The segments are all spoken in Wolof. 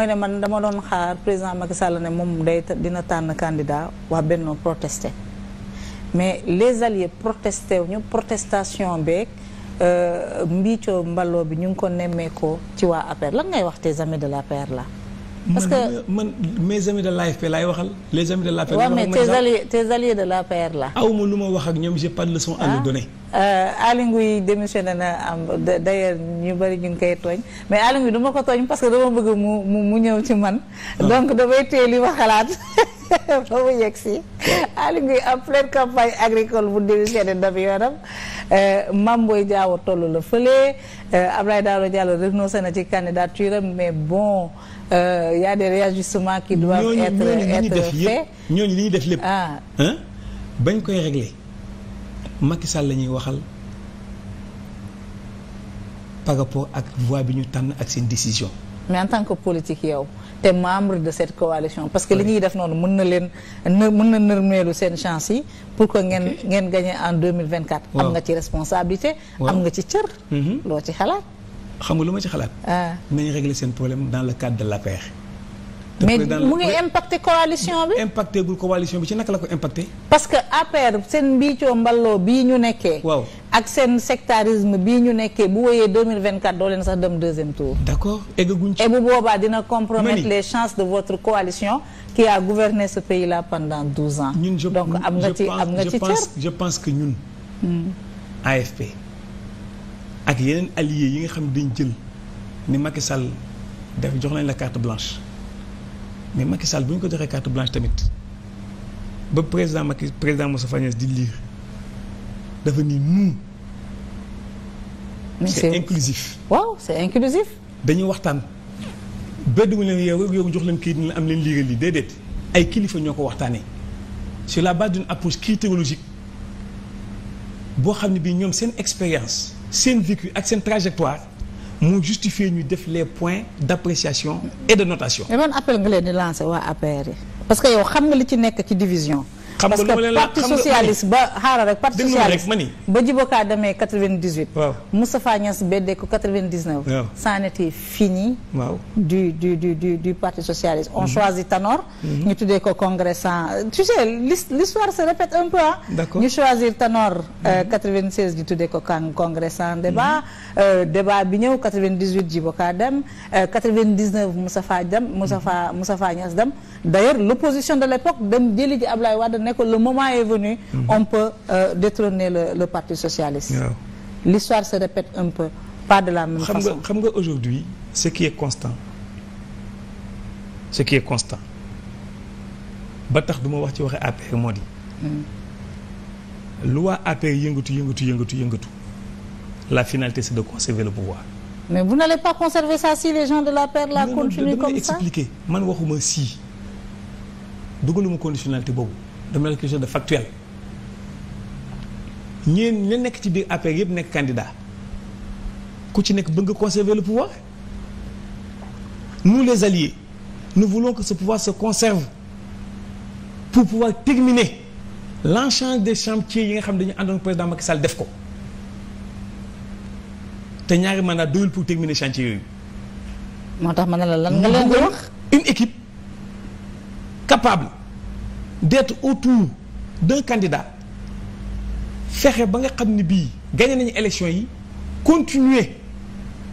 mooy ne man dama doon xaar président Macky Sall ne moom day dina tànn candidat waa Benno protesté mais les alliés protesté ñu protestation beeg euh, mbiicoo mballoo bi ñu ngi ko nemmeekoo ci waa APR lan ngay wax tes amis de l'APR la parce que man mes amis de l'AFP laay waxal. les amis de l'AFP laay waxal mais tes alliés tes alliés de l'APR là. aw ma lu ma wax ak ñoom j'ai pas de leçon à leur ah. donner. Euh, Aly Ngouille démissionné na am ñu bari ñu ngi koy tooñ mais Aly Ngouille du ma ko tooñ parce que dama bëgg mu mu ñëw ci man. Ah. donc damay téye li ba mu yegg si Aly Ngouille en pleine campagne agricole bu déglu seen daf yoonam euh, Mame Boye Diao toll la fële euh, Abdoulaye Daouda Diallo renoncé na ci candidature mais bon euh, y a des réajustements qui être être faits ñooñu li ñu def lépp ah bañ koy réglé Macky Sall la ñuy waxal par rapport ak voie bi ñu tànn ak seen décision mais en tant que politique yow te membre de cette coalition parce que li ñuy def noonu mën na leen mën na nërmeelu seen chance yi pour que ngeen ngeen gagné en 2024 am nga ci responsabilité am nga ci cër mhm. loo ci xalaat xam nga lu ma ci xalaat ah. nañ régler seen problème dans le cadre de l'APR mais mu ngi impacté coalition bi. impacté gul coalition bi ci naka la ko impacté. parce que APR seen mbiicoo mballoo bii ñu nekkee. waaw ak seen sectarisme bii ñu nekkee bu wéyee 2024 doo leen sax dem deuxième tour. d' accord eggaguñ ci. et bu boobaa dina compromettre les chances de votre coalition. qui a gouverné ce pays la pendant 12 ans. ñun je donc am nga ci am nga ci je pense que ñun. Hmm. AFP ak yeneen alliés yi nga xam dañ jël ni Macky sal def jox nañ la carte blanche. mais Macky Sall bu ñu ko joxee carte blanche tamit ba président Macky président Moustapha Niasse di lire dafa ni nous. c'est inclusif. waaw c'est inclusif. dañuy waxtaan bedd mu leen yow yow jox leen kii dina am leen liiral yi déedéet ay kilifa ñoo ko waxtaanee sur la base d'une kii téologique boo xam ne bi ñoom seen expérience seen vécu ak seen trajectoire. moo justifié ñu def les point d'appréciation et de notation. mais ban appel nga leen di lancer waa APR yi parce que yow xam nga li ci nekk ci division. xam nga lu ma leen la parti socialiste ba xaaral rek parti socialiste ba Djiboka demee 98. waaw beddee ko 99. waaw ça en était fini. waaw du du du du du parti socialiste. on mhm. choisit Tanor. Mhm. ñu tuddee ko congressant tu sais l'histoire se répète un peu ah. d'accord ñu choisir Tanor. Euh, mhm. ñu tuddee ko congressant débat. Euh, débat bi ñëw 98 Djiboka dem 99 euh, Moustapha dem Moustapha Moustapha Niass dem d'ailleurs l'opposition de l'époque dem jëli ji Ablaye Wade ne ko le moment est venu mm -hmm. on peut euh, le le parti socialiste yeah. l'histoire se répète un peu pas de la même xam façon xam nga aujourd'hui ce qui est constant ce qui est constant ba tax du ma wax ci waxe APR e moo di lu waa APR yëngatu yëngatu yëngatu yëngatu la finalité c'est de conserver le pouvoir mais bu n'allez pas conserver ça si les gens de l'APR la e continuent comme ça man waxuma si dugaluma conditionnalité boobu dama la quelque de factuel ñeen la nekk ci biir APR yëpp nekk candidat ku ci nekk bëgg nga conserver le pouvoir nous les alliés nous ko que ce pouvoir se conserve pour pouvoir terminer l'enchange des chantiers yi nga xam ne dañu àndoon président Macky Sall def ko te ñaari mandat doyul pour terminer chantier yooyu. moo tax ma ne la lan nga leen di une équipe capable. d'être autour d'un candidat fexe ba nga xam ne bii gagné nañu élection yi continuer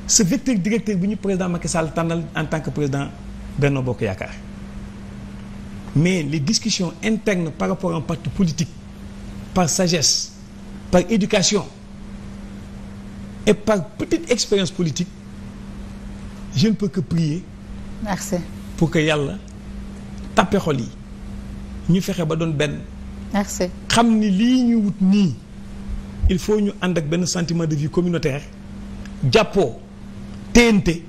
ce vecteur directeur bi ñu président Macky Sall tànnal en tant que président Benno Bokk Yaakaar mais les discussions internes par rapport à un parti politique par sagesse par éducation et par petite expérience politique je ne peux que prier. pour que yàlla tappe xol yi. ñu fexe ba doon benn. merci xam ni lii ñu wut nii il faut ñu ànd ak benn sentiment de vie communautaire jàppoo téente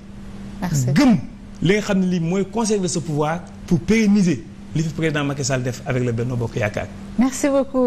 gëm li nga xam ne lii mooy conserver sa pouvoir pour pérenniser li fi président Macky Sall def avec le Benno Bokk Yaakaar. merci beaucoup.